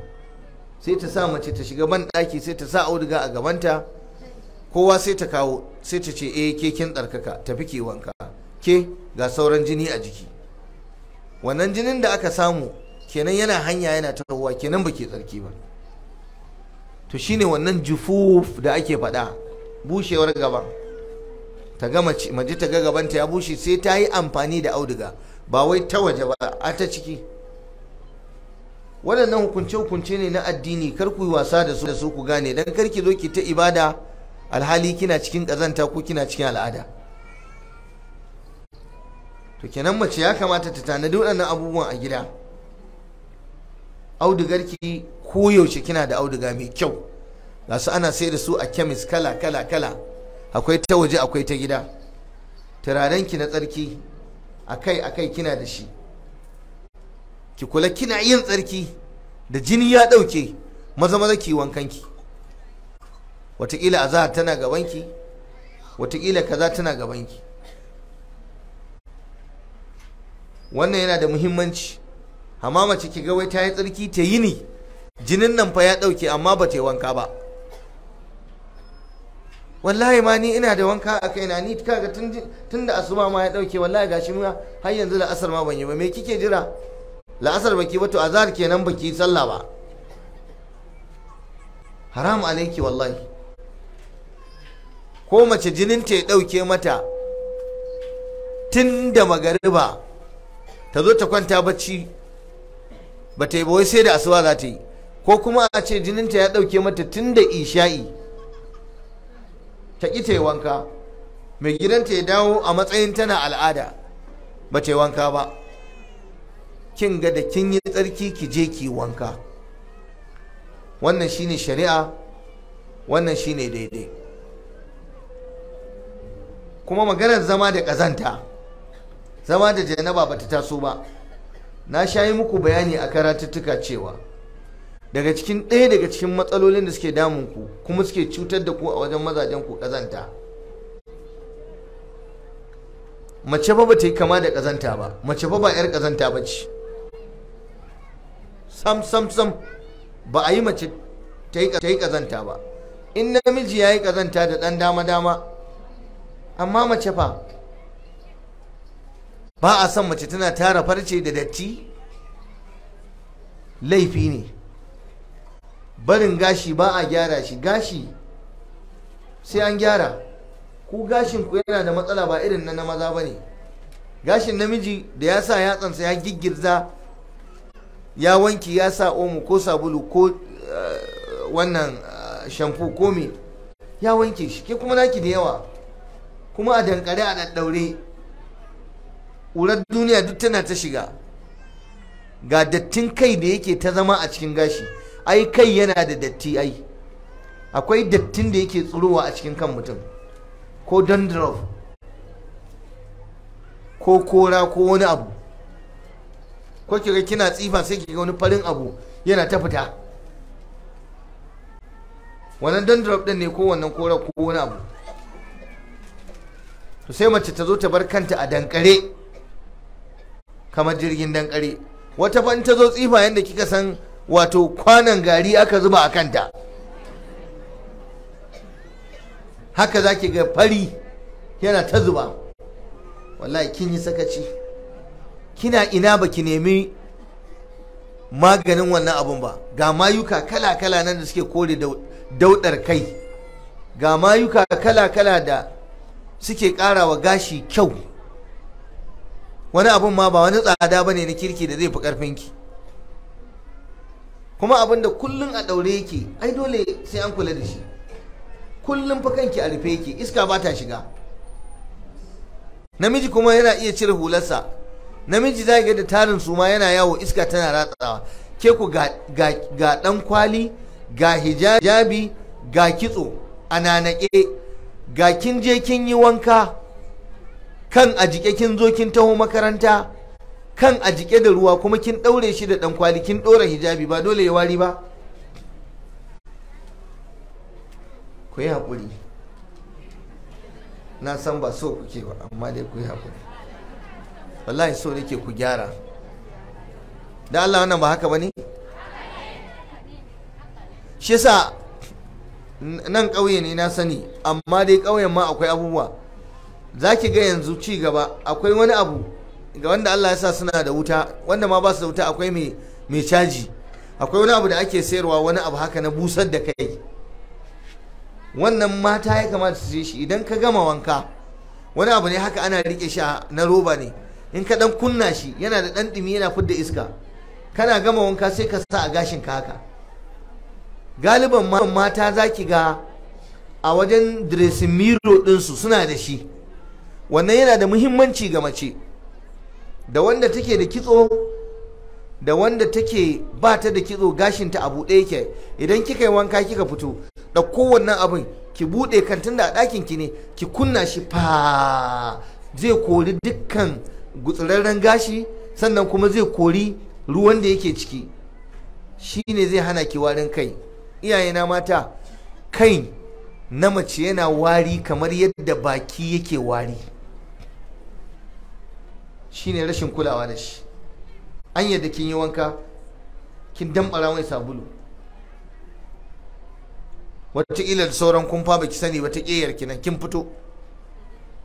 sai ta sa mace ta shiga ban ɗaki sai ta sa auduga a gabanta kowa sai ta kawo sai ta ce eh ke kin tsarkaka tafi ke wanka ke ga sauran jini a jiki wannan jinin da aka samu kenan yana hanya yana tahowa kenan ba ke tsarki ba to shine wannan jufuf da ake faɗa bushewar gaba ta gama mace ta ga gabanta ya bushe sai ta yi amfani da auduga ba wai ta waje ba a ta ciki waɗannan hukunce-hukunce ne na addini kar ku yi wasa da su da su ku gane dan kar ki zo ki ta ibada alhali kina cikin kazanta ko kina cikin al'ada to kenan mace ya kamata ta tanadi waɗannan abubuwan a gida audugar ki koyaushe kina da auduga mai kyau ga su ana sai da su a kemis kala kala kala akwai ta waje akwai ta gida turarenki na tsarki akai akai kina da shi ki kula kina yin tsarki da jini ya ɗauke maza maza ki wankanki wataƙila azahar tana gabanki wataƙila kaza tana gabanki wannan yana da muhimmanci amma mace ki ga wai ta yi tsarki ta yi ni jinin nan fa ya ɗauke amma ba ta yi wanka ba wallahi ma ni ina da wanka a kaina ni kaga tun da asuba ma ya ɗauke wallahi gashi ma har yanzu la'asar ma ban yi ba me kike jira la'asar baki ba to azhar kenan baki sallah ba haram alaiki wallahi ko mace jinin ta ya ɗauke mata tun da magariba ta zo ta kwanta bacci ba ta yi ba wai sai da asuba za ta yi ko kuma a ce jininta ya ɗauke mata tun da isha'i ta ƙi wanka mai gidanta ya dawo a matsayin tana al'ada ba ta wanka ba kin ga da kin yi tsarki ki je ki wanka wannan shine shari'a wannan shine daidai kuma maganar zama da ƙazanta zama da janaba ba ta taso ba na sha yi muku bayani a karatuttuka cewa daga cikin ɗaya daga cikin matsalolin da suke damun ku kuma suke cutar da ku a wajen mazajen ku ƙazanta mace fa ba ta yi kama da ƙazanta ba mace fa ba 'yar ƙazanta ba ce sam sam sam ba a yi mace ta yi ƙazanta ba in namiji ya yi ƙazanta da ɗan dama dama amma mace fa ba a son mace tana tara farce da datti laifi ne barin gashi ba a gyara shi gashi sai an gyara ku gashin ku yana da matsala ba irin na maza ba ne gashin namiji da ya sa yatsansa ya giggirza ya wanki ya sa omo ko sabulu ko eh, wannan eh, shamfu ko me ya wanke shi ke kuma naki da yawa kuma a dankare a ɗaɗɗaure urar duniya duk tana ta shiga ga dattin kai da yake ta zama a cikin gashi ai kai yana da datti ai akwai dattin da yake tsurowa a cikin kan mutum ko dandruff ko kora ko wani abu ko kika kina tsifa sai kika wani farin abu yana ta fita wannan dandruff din ne ko wannan kora ko wani abu to sai mace ta zo ta bar kanta a dankare kamar jirgin dankare wata fa ta zo tsifa yadda kika san wato kwanan gari aka zuba a kanta haka za ki ga fari yana ta zuba wallahi kin yi sakaci kina ina ba ki nemi maganin wannan abun ba ga mayuka kala-kala nan da suke kore daudar kai ga mayuka kala-kala da suke ƙara wa gashi kyau wani abun ma ba wani tsada ba ne na kirki da zai fi ƙarfinki kuma abin da kullum a ɗaure yake ai dole sai an kula da shi kullum fa kanki a rufe yake iska ba ta shiga namiji kuma yana iya cire hularsa namiji za ga da tarin su ma yana yawo iska tana ratsawa ke ku ga ɗan kwali ga hijabi ga kitso a nanake ga kin je kin yi wanka kan a jike kin zo kin taho makaranta kan a jike da ruwa kuma kin ɗaure shi da ɗankwali kin ɗora hijabi ba dole ya wari ba ku yi haƙuri na san ba so kuke ba amma dai ku yi haƙuri wallahi so nake ku gyara da Allah wannan ba haka ba ne shi sa nan ƙauye ne na sani amma dai ƙauyen ma akwai abubuwa za ki ga yanzu ci gaba akwai wani abu ga wanda Allah ya sa suna da wuta wanda ma ba su da wuta akwai mai caji akwai wani abu da ake sayarwa wani abu haka na busar da kai wannan mata ya kamata su shi idan ka gama wanka wani abu ne haka ana rike shi na roba ne in ka dan kunna shi yana da dan dumi yana fidda iska kana gama wanka sai ka sa a gashin ka haka galiban mata za ki ga a wajen dressing mirror ɗinsu suna da shi wannan yana da muhimmanci ga mace da wanda take da kitso da wanda take ba ta da kitso gashinta a buɗe yake idan kika yi wanka kika fito da kowannan abin ki buɗe kan tunda a ɗakin ki ne ki kunna shi fa zai kori dukkan gutsurarren gashi sannan kuma zai kori ruwan da yake ciki shi ne zai hana ki warin kai iyayena mata kai na mace yana wari kamar yadda baki yake wari shine rashin kulawa da shi an yadda kin yi wanka kin damɓara mai sabulu wataƙila da sauran kumfa baki sani ba ta ƙeyar kinan kin fito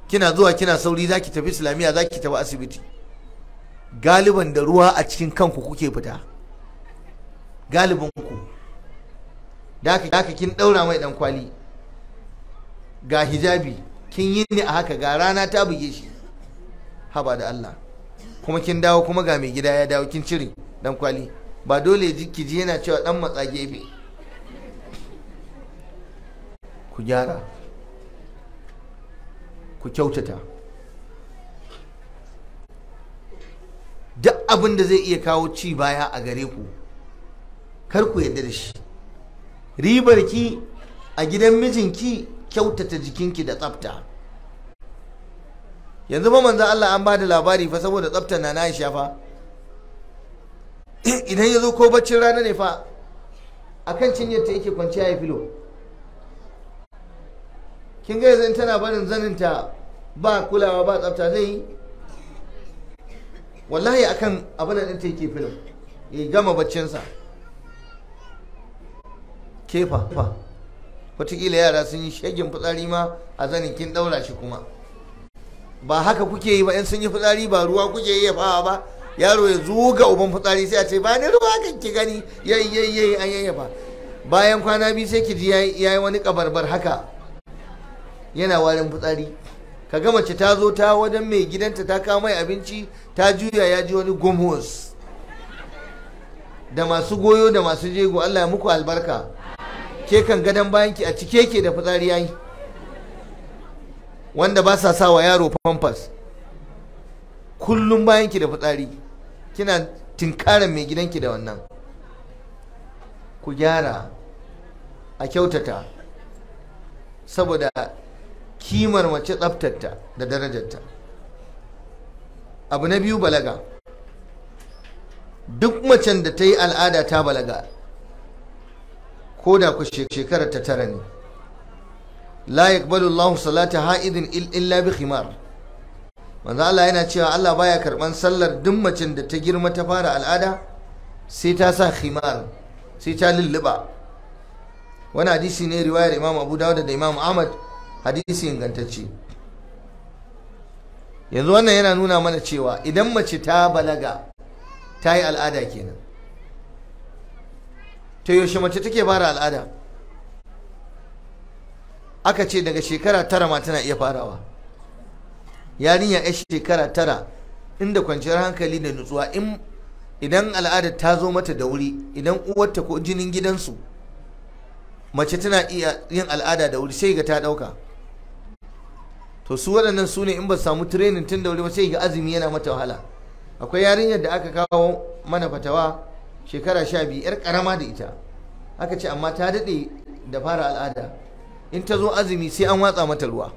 kina zuwa kina sauri za ki tafi islamiyya za ki tafi asibiti galiban da ruwa a cikin kanku kuke fita galibin ku da kin ɗaura mai ɗan kwali ga hijabi kin yi ne a haka ga rana ta buge shi haba da Allah kuma kin dawo kuma ga mai gida ya dawo kin cire dan kwali ba dole ki ji yana cewa dan matsa gefe ku gyara ku kyautata duk abin da zai iya kawo ci baya a gare ku kar ku yarda da shi ribar ki a gidan mijinki kyautata jikinki da tsafta yanzu ba manzo Allah an bada labari fa saboda tsaftar na Aisha fa idan yazo ko baccin rana ne fa akan cinyar ta yake kwanciya ya filo kin ga yanzu tana barin zaninta ba kulawa ba tsafta zai yi wallahi akan abin da ta yake filo ya gama baccinsa kefa fa wataƙila yara sun yi shagin fitsari ma a zanin kin ɗaura shi kuma ba haka kuke yi ba in sun yi fitsari ba ruwa kuke yi ya ba yaro ya ga uban fitsari sai a ce ba ni ruwa kan ki gani yayi yayi an ba bayan kwana biyu sai ki ji yayi wani kabarbar haka yana warin fitsari ka ga mace ta zo ta wajen mai gidanta ta kawo mai abinci ta juya ya ji wani gumhus da masu goyo da masu jego Allah ya muku albarka ke kan gadon bayanki a cike ke da fitsari yayi wanda ba sa sawa yaro pampers kullum bayan ki da fitsari kina tinkaran mai gidanki da wannan ku gyara a kyautata saboda kimar mace tsaftarta da darajarta abu na biyu balaga duk macen da ta yi al'ada ta balaga ko da ku shekararta tara ne la yaqbalu Allahu salata ha'idin illa bi khimar manzo Allah yana cewa Allah baya karban sallar duk macen da ta girma ta fara al'ada sai ta sa khimar sai ta lulluba wani hadisi ne riwayar Imam Abu Dawud da Imam Ahmad hadisi ingantacce yanzu wannan yana nuna mana cewa idan mace ta balaga ta yi al'ada kenan ta yaushe mace take fara al'ada aka ce daga shekara tara ma tana iya farawa yarinya ya shekara tara inda kwanciyar hankali da nutsuwa in idan al'adar ta zo mata da wuri idan uwarta ko jinin gidansu mace tana iya yin al'ada da wuri sai ga ta dauka to su waɗannan su ne in ba samu training tun da wuri ba sai ga azumi yana mata wahala akwai yarinyar da aka kawo mana fatawa shekara sha biyu yar karama da ita aka ce amma ta daɗe da fara al'ada in ta zo azumi sai an watsa mata ruwa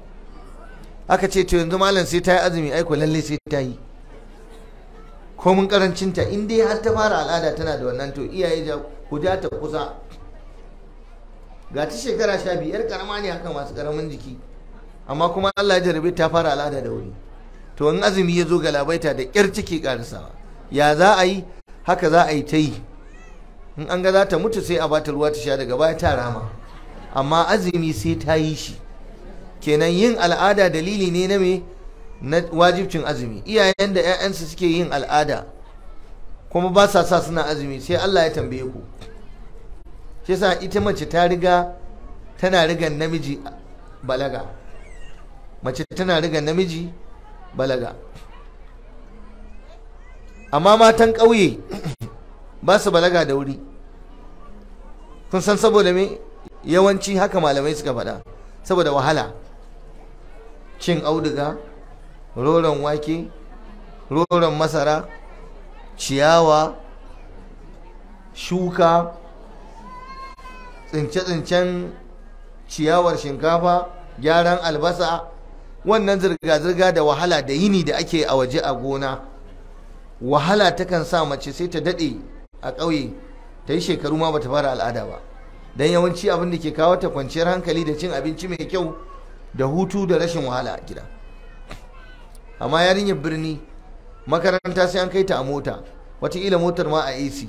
aka ce to yanzu malam sai ta yi azumi aiko lalle sai ta yi karancin ta in dai har ta fara al'ada tana da wannan to iyaye ja ku ja ta kusa ga ta shekara sha biyu yar karama ne haka masu karamin jiki amma kuma Allah ya jarabe ta fara al'ada da wuri to in azumi ya zo galabaita da kyar ciki karisawa ya za a yi haka za a yi ta yi in an ga za ta mutu sai a bata ruwa ta sha daga baya ta rama amma azumi sai ta yi shi kenan yin al'ada dalili ne na me na wajibcin azumi iyayen da 'ya'yansu suke yin al'ada kuma ba sa sa suna azumi sai Allah ya tambaye ku shi sa ita mace ta riga tana riga namiji balaga mace tana riga namiji balaga amma matan ƙauye ba su balaga da wuri kun san saboda me yawanci haka malamai suka faɗa saboda wahala cin auduga roron wake roron masara ciyawa shuka tsince-tsincen ciyawar shinkafa gyaran albasa wannan zirga-zirga da wahala da yini da ake a waje a gona wahala takan sa mace sai ta daɗe a ƙauye ta yi shekaru ma ba ta fara al'ada ba don yawanci abin da ke kawo ta kwanciyar hankali da cin abinci mai kyau da hutu da rashin wahala a gida amma yarinyar birni makaranta sai an kai ta a mota watakila motar ma a ac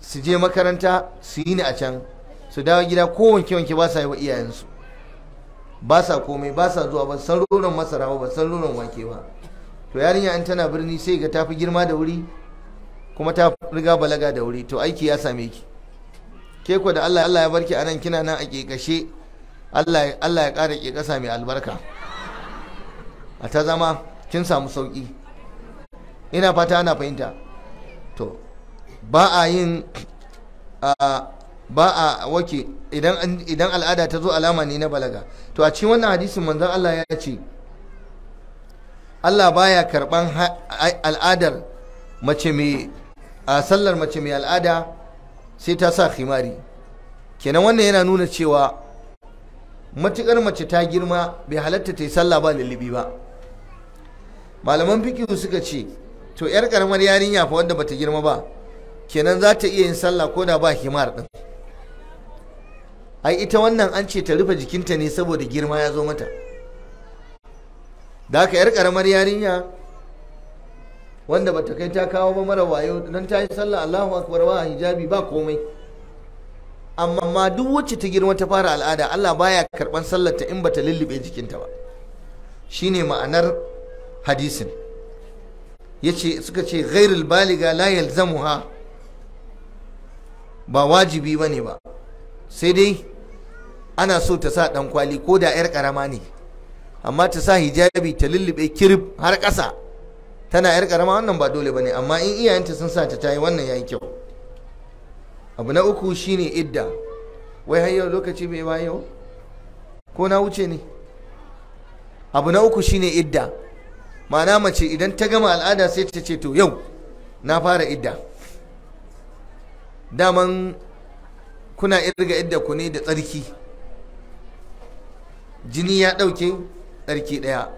su je makaranta su yi ni a can su dawo gida ko wanke wanke ba sa yi wa iyayensu ba sa komai ba sa zuwa ba san roron masara ba san roron wake ba to yarinya an tana birni sai ga tafi girma da wuri kuma ta riga balaga da wuri to aiki ya same ki ke ku da Allah Allah ya barki anan kina nan a kekashe Allah Allah ya ƙara kasa mai albarka a ta zama kin samu sauki ina fata ana fahimta to ba a yin ba a wake idan al'ada ta zo alama ne na balaga to a cikin wannan hadisin manzon Allah ya ce Allah baya karban al'adar mace mai a sallar mace mai al'ada sai ta sa khimari kenan wannan yana nuna cewa matukar mace ta girma bai halatta ta yi sallah ba lullubi ba malaman fikihu suka ce to yar karamar yarinya fa wanda bata girma ba kenan za ta iya yin sallah ko da ba himar din ai ita wannan an ce ta rufe jikinta ne saboda girma ya zo mata da haka yar karamar yarinya wanda bata kai ta kawo ba mara wayo dan ta yi sallah Allahu akbar wa hijabi ba komai amma duk wacce ta girma ta fara al'ada Allah baya karban sallar ta in bata lullube jikinta ba shine ma'anar hadisin yace suka ce ghairul baliga la yalzamuha ba wajibi bane ba sai dai ana so ta sa dan kwali ko da yar karama ne amma ta sa hijabi ta lullube kirib har ƙasa tana yar karama wannan ba dole bane amma in iyayenta sun sa ta tayi wannan yayi kyau abu na uku shine idda wai har yau lokaci bai ba yau ko na wuce ne abu na uku shine idda ma'ana mace idan ta gama al'ada sai ta ce to yau na fara idda daman kuna irga idda ku ne da tsarki jini ya ɗauke tsarki ɗaya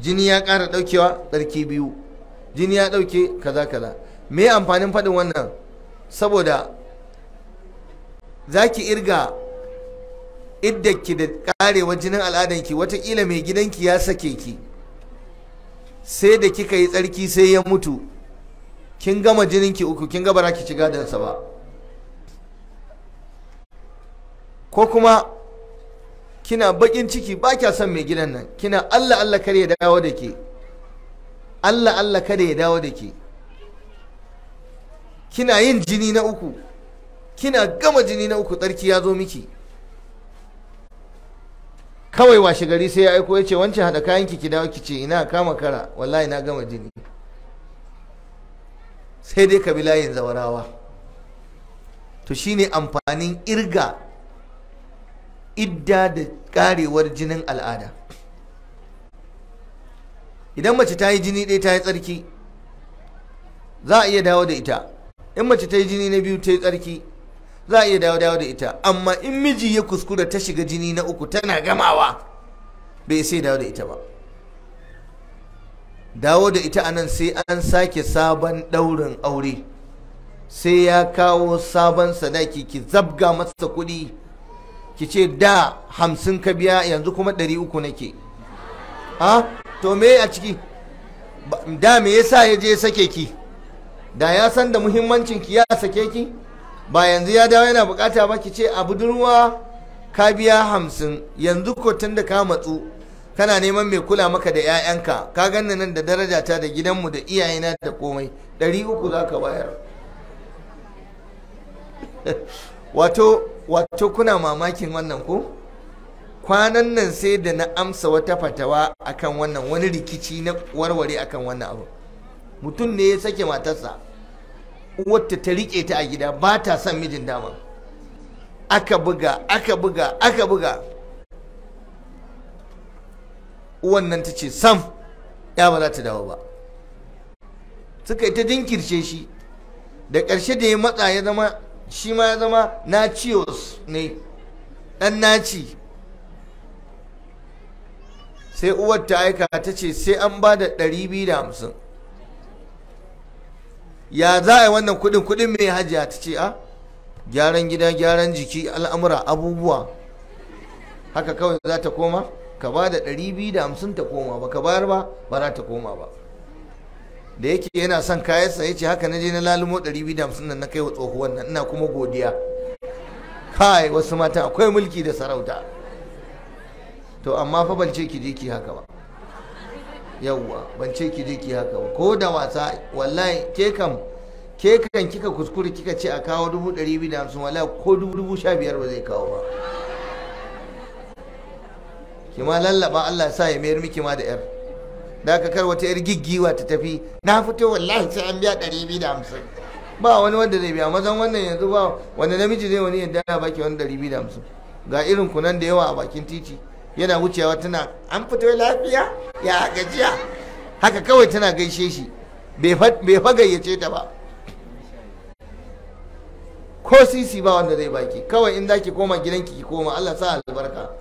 jini ya ƙara ɗaukewa tsarki biyu jini ya ɗauke kaza kaza me amfanin faɗin wannan saboda za ki irga iddaki da ƙarewa jinin al'adanki watakila mai gidanki ya sake ki sai da kika yi tsarki sai ya mutu kin gama jininki uku kin gaba ki ci gadansa ba ko kuma kina bakin ciki ba kya son mai gidan nan kina Allah Allah kare ya dawo da ke Allah Allah kare ya dawo da ke kina yin jini na uku kina gama jini na uku tsarki ya zo miki kawai washe gari sai ya aiko ya ce wancan haɗa kayan ki ki dawo ki ce ina kama kara wallahi na gama jini sai dai ka bi layin zawarawa to shine amfanin irga idda da karewar jinin al'ada idan mace ta yi jini ɗaya ta yi tsarki za a iya dawo da ita in mace ta yi jini na biyu ta yi tsarki za a iya dawo dawo da ita amma in miji ya kuskura ta shiga jini na uku tana gamawa bai sai dawo da ita ba dawo da ita anan sai an sake sabon ɗaurin aure sai ya kawo sabon sadaki ki zabga masa kuɗi ki ce da hamsin ka biya yanzu kuma ɗari uku nake Ha? to me a ciki da me yasa ya je sake ki da ya san da muhimmancin ki ya sake ki ba yanzu ya dawo yana bukata ba ki ce a budurwa ka biya hamsin yanzu ko tun da ka matsu kana neman mai kula maka da 'ya'yanka ka ganna nan da darajata da gidanmu da iyayena da komai ɗari uku za ka bayar wato kuna mamakin wannan ko kwanan nan sai da na amsa wata fatawa akan wannan wani rikici na warware akan wannan abu mutum ne ya sake matarsa wata ta rike ta a gida ba ta son mijin dama aka buga aka buga aka buga wannan ta ce sam ya ba za ta dawo ba suka yi ta jinkirce shi da ƙarshe da ya matsa ya zama shi ma ya zama nacios ne ɗan naci sai uwar ta aika ta ce sai an ba da 250 ya za a yi wannan kudin kudin mai hajiya ta ce a gyaran gida gyaran jiki al'amura abubuwa haka kawai za ta koma ka ba da 250 ta koma ba ka bayar ba ba za ta koma ba da yake yana son kayansa ya ce haka na je na lalumo 250 nan na kai wa tsohuwan nan ina kuma godiya kai wasu mata akwai mulki da sarauta to amma fa ban ce ki je ki haka ba yawwa ban ce ki je ki haka ba ko da wasa wallahi ke kam ke kan kika kuskure kika ce a kawo 250 wallahi ko 2015 ba zai kawo ba Kima lallaba Allah sa ya mayar miki ma da yar da aka kar wata yar giggiwa ta tafi na fito wallahi sai an biya ɗari biyu da hamsin ba wani wanda zai biya mazan wannan yanzu ba wanda namiji zai wani yadda ana baki wani ɗari biyu da hamsin ga irin kunan da yawa a bakin titi yana wucewa tana an fito lafiya ya gajiya haka kawai tana gaishe shi bai fa gayyace ta ba ko sisi ba wanda zai baki kawai in zaki koma gidanki ki koma Allah sa albarka